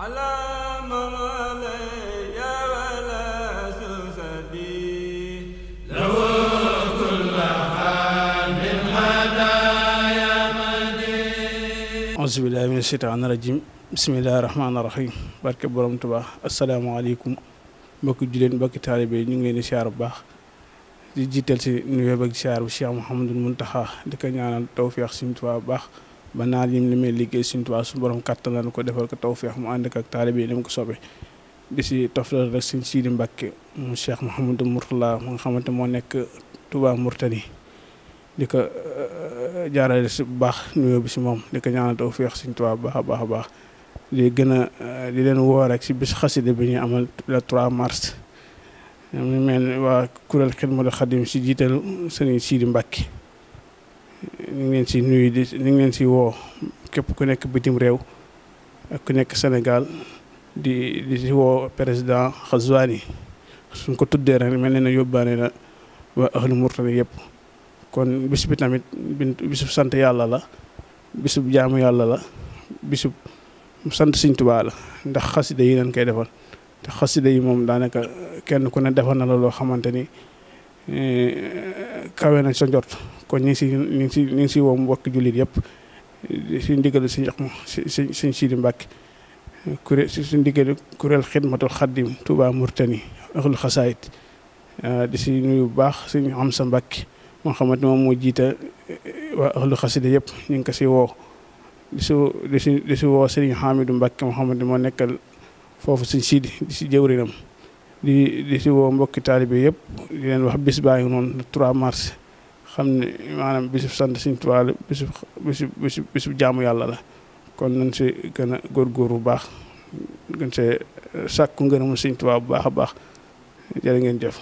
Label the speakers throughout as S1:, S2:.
S1: على ممالي يا ولا سوسدي له كل حال من هدايا مدين أعوذ بالله من الشيطان الرجيم بسم الله الرحمن الرحيم بارك بروم تبا السلام عليكم mbokki juleen mbokki taalibe yi ñu ngi leen di siyaar bu baax di jiital si nuyoo ak siyaar bu Cheikh Mouhamadul Mountakha di ko ñaanal tawfeex Sëriñ Tuubaa bu baax ba naa lim li may liggéey Sëriñ Tuubaa suñu borom kàttan la ko defal ko tawfeex mu ànd ak ak taalibe yi mu ko sobe di si toftal rek Sëriñ Sidi Mbàkke mu Cheikh Mouhamadou murtala mu nga xamante moo nekk tuba murtani di ko jaarale si bu baax nuyoo bi si moom di ko ñaanal tawfeex tuba Tuubaa baax a baax a baax di gën a di leen woo rek si bis xasida bi ñuy amal le 3 mars ñu mel waa kuréel Xidmatul Xadim si jiital Sëriñ Sidi Mbàkke ñu ngi si nuyu di ñu ngi si woo képp ku nekk bitim réew ak ku nekk Sénégal di di si woo président Ghazouani suñ ko tuddee rek mel ne na yóbbaane na waa ahlu Mauritanie yépp kon bis bi tamit bisub sant yàlla la bisub jaamu yàlla la bisub sant Sëriñ tubaa la ndax xasida yi lañ koy defal te xasida yi moom daanaka kenn ku ne defal na la loo xamante ni eh, kawe nañ sa njort kon ñu ngi si ñu ngi si ñu ngi si woo mbokki jullit yëpp si ndigal si jox ma si si si Sidi Mbacke kuréel si ndigal kuréel xidmatul xaddim Touba Mourtani axul xasaayit ah, di si nuyu bu baax suñu am sa Mbacke moo xamante moom moo jiita eh, waa yëpp ñu ngi ko si woo di si di si si woo Serigne Hamidou Mbacke moo xamante moo nekkal foofu si Sidi di si jëwrinam di di si woo mbokki taalibe yëpp di leen wax bis baa ngi noonu le mars xam ne maanaam bisub sant Sëriñ Tuubaa la bisub bisub jaamu yàlla la kon nañ si gën a góorgóor bu baax gën see eh, sàkku ngërëmu Sëriñ Tuubaa bu baax a baax jërë ngeen jëf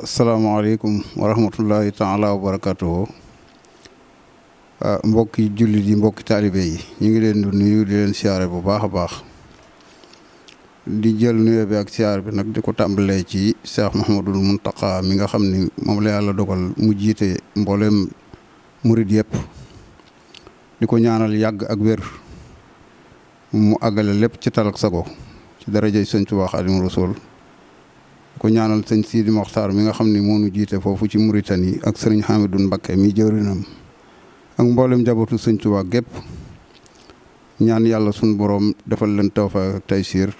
S2: asalaamaaleykum wa rahmatullahi taala wa barakatuhu ah, mbokki jullit yi mbokki taalibe yi ñu ngi leen di nuyu di leen siyaare bu baax a baax di jël nuyoo bi ak siyaar bi nag di ko tàmbalee ci Cheikh Mouhamadul Mountakha mi nga xam ni moom la yàlla dogal mu jiite mboolem murid yëpp di ko ñaanal yàgg ak wér mu àggale lépp ci talak sago ci darajay sëñ Tuubaa Xaadimu Rasuul ko ñaanal sëñ Sidi Moxtaar mi nga xam ni moo nu jiite foofu ci Mauritanie ak sëriñ Hamidou Mbakke mi jëwrinam ak mboolem jabatu sëñ Tuubaa gépp ñaan yàlla sunu borom defal leen tawfeex ak taysiir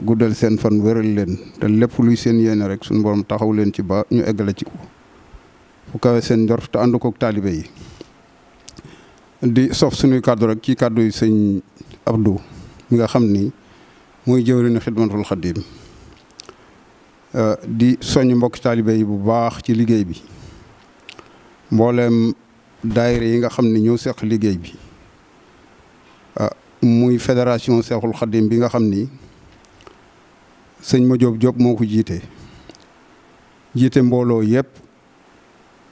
S2: guddal seen fan wéral leen te lépp luy seen yéene rek suñu borom taxaw leen ci ba ñu eggale ci ko fu kawe seen njort te ànd koog taalibe yi di sof suñuy kàddu rek ci kàddu yi sëñ Abdou mi nga xam ni mooy jëwriñu xidmatul xadim euh, di soññ mbokki taalibe yi bu baax ci liggéey bi mbooleem daayira yi nga xam ni ñëw seq liggéey bi euh, muy fédération seexul xadim bi nga xam ni sëñ Madiop Diop moo ko jiite jiite mbooloo yépp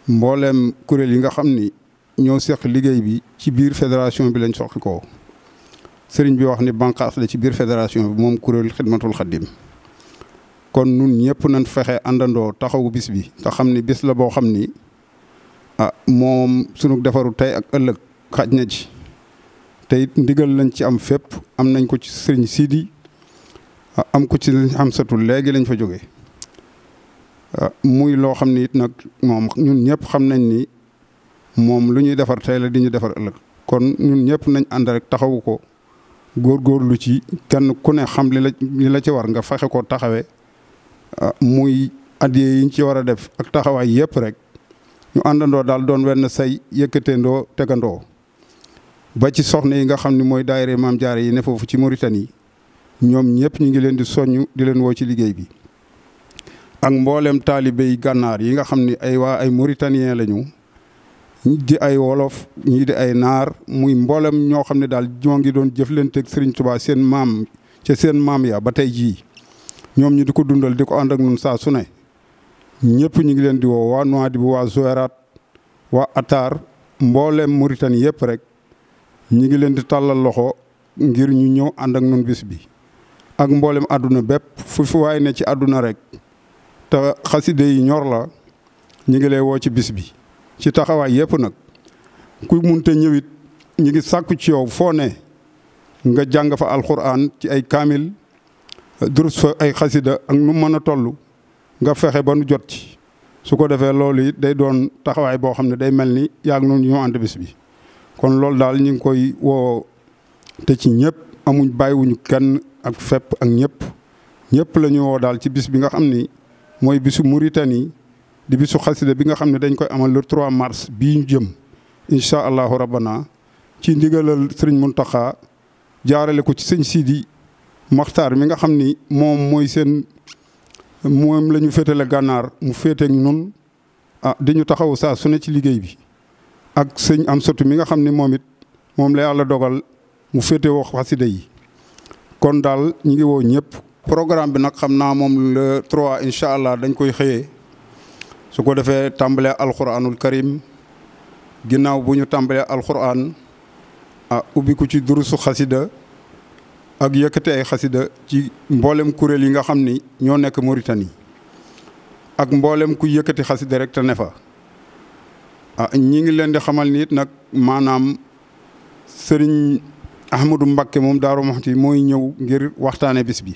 S2: mbooleem kuréel yi nga xam ni ñoo seq liggéey bi ci biir fédération bi lañ soqi sëriñ bi wax ni bànqaas la ci biir fédération bi moom kuréel xidmatul xaddim kon nun ñëpp nañ fexe àndandoo taxawu bis bi te xam ni bis la boo xam ni a ah, moom sunu defaru tey ak ëllëg xaj na ji te ndigal lañ ci am fépp am nañ ko ci sëriñ Sidi am ku ci am satul léegi lañ fa jógee ah, muy loo xam ni it nag moom ñun ñëpp xam nañ ni moom lu ñuy defar tey la di ñu defar ëllëg kon ñun ñëpp nañ ànd rek taxawu ko góorgóorlu ci kenn ku ne xam li la la ci war nga faxe ko taxawe ah, muy addiyee yi ñu ci war a def ak taxawaay yëpp rek ñu àndandoo daal doon wenn say yëkkateendoo tegandoo ba ci soxna yi nga xam ni mooy daayira maam jaare yi ne foofu ci Mauritanie ñom nyep ñi ngi leen di soñu di leen wo ci liggéey bi ak mboolem talibé yi gànnaar yi nga xamni ay waa ay mauritanien lañu di ay wolof ñi di ay nar muy mboolem ño xamni dal daal ñoo ngi doon jëflanteeg Serigne Touba seen mam ci seen mam ya ba tey jii ñoom ñu dundal diko and ak ñun saa su ne ñëpp ñu ngi leen di wa noadi bu wa zoerat wa atar rek ñi ngi leen di talal loxo ngir ñu ñëw and ak ñun bis bi. ak mboolem àdduna bépp fu fi waay ne ci àdduna rek te xaside yi ñor la ñu ngi lay woo ci bis bi ci taxawaay yépp nag ku munte ñëwit ñu ngi sàkku ci yow foo ne nga jàng fa alxuraan ci ay kaamil durus fa ay xasida ak nu mën a tollu nga fexe ba nu jot ci su ko defee loolu it day doon taxawaay boo xam ne day mel ni yaag noonu ñoo ànd bis bi kon loolu daal ñu ngi koy woo te ci ñëpp amuñ bàyyiwuñu kenn ak fepp ak ñëpp ñëpp la ñu woo daal ci bis bi nga xam ni mooy bisu Mauritanie di bisu xasida bi nga xam ne dañ koy amal le 3 mars bii ñu jëm incha allahu rabbana ci ndigalal sëriñ mun taxa jaarale ko ci sëñ Sidi maxtar mi nga xam ni moom mooy seen moom la ñu féetale gànnaar mu féeteeg nun ah di ñu taxaw saa su ne ci liggéey bi ak sëñ am sotu mi nga xam ni moom it moom la yàlla dogal mu féete wax xasida yi kon daal ñu ngi woo ñëpp programme bi nag xam naa moom trois 3 incha allah dañ koy xëyee su ko defee tàmbalee alquranul karim ginnaaw bu ñu tàmbalee alxuraan a ubbi ko ci durusu xasida ak yëkkate ay xasida ci mboolem kuréel yi nga xam ni ñoo nekk Mauritanie ak mboolem ku yëkkati xasida rek te ne fa ah ñi ngi leen di xamal ni nag maanaam sëriñ Ahmadou Mbakke moom Daaru Muxti mooy ñëw ngir waxtaane bis bi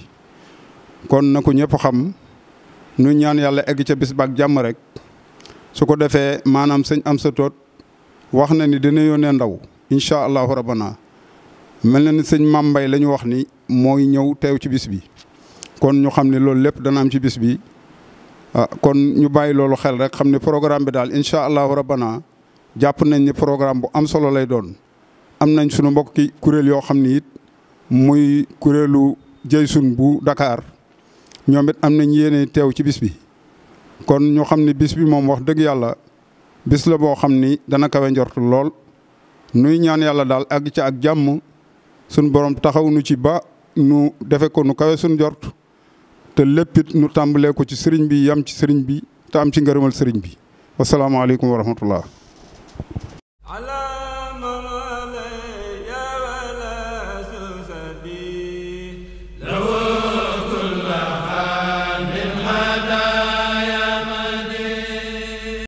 S2: kon na ko ñëpp xam nu ñaan yàlla egg ca bis ba jàmm rek su ko defee maanaam sëñ am sa toot wax na ni dina yónnee ndaw incha allahu rabbana mel na ni sëñ mambay la ñu wax ni mooy ñëw teew ci bis bi kon ñu xam ne loolu lépp dana am ci bis bi ah kon ñu bàyyi loolu xel rek xam ne programme bi daal incha allahu rabbana jàpp nañ ni programme bu am solo lay doon am nañ sunu mbokki kuréel yoo xam ni it muy kuréelu Jeysun bu dakaar ñoom it am nañ yéene teew ci bis bi. kon ñu xam ni bis bi moom wax dëgg yàlla bis la boo xam ni dana kawe njort lool nuy ñaan yàlla daal àgg ca ak jàmm sunu boroom taxaw nu ci ba nu defe ko nu kawe sunu njort te léppit nu tàmbalee ko ci sëriñ bi yam ci sëriñ bi te am ci ngërëmal sëriñ bi wasalaamaaleykum wa rahmatullah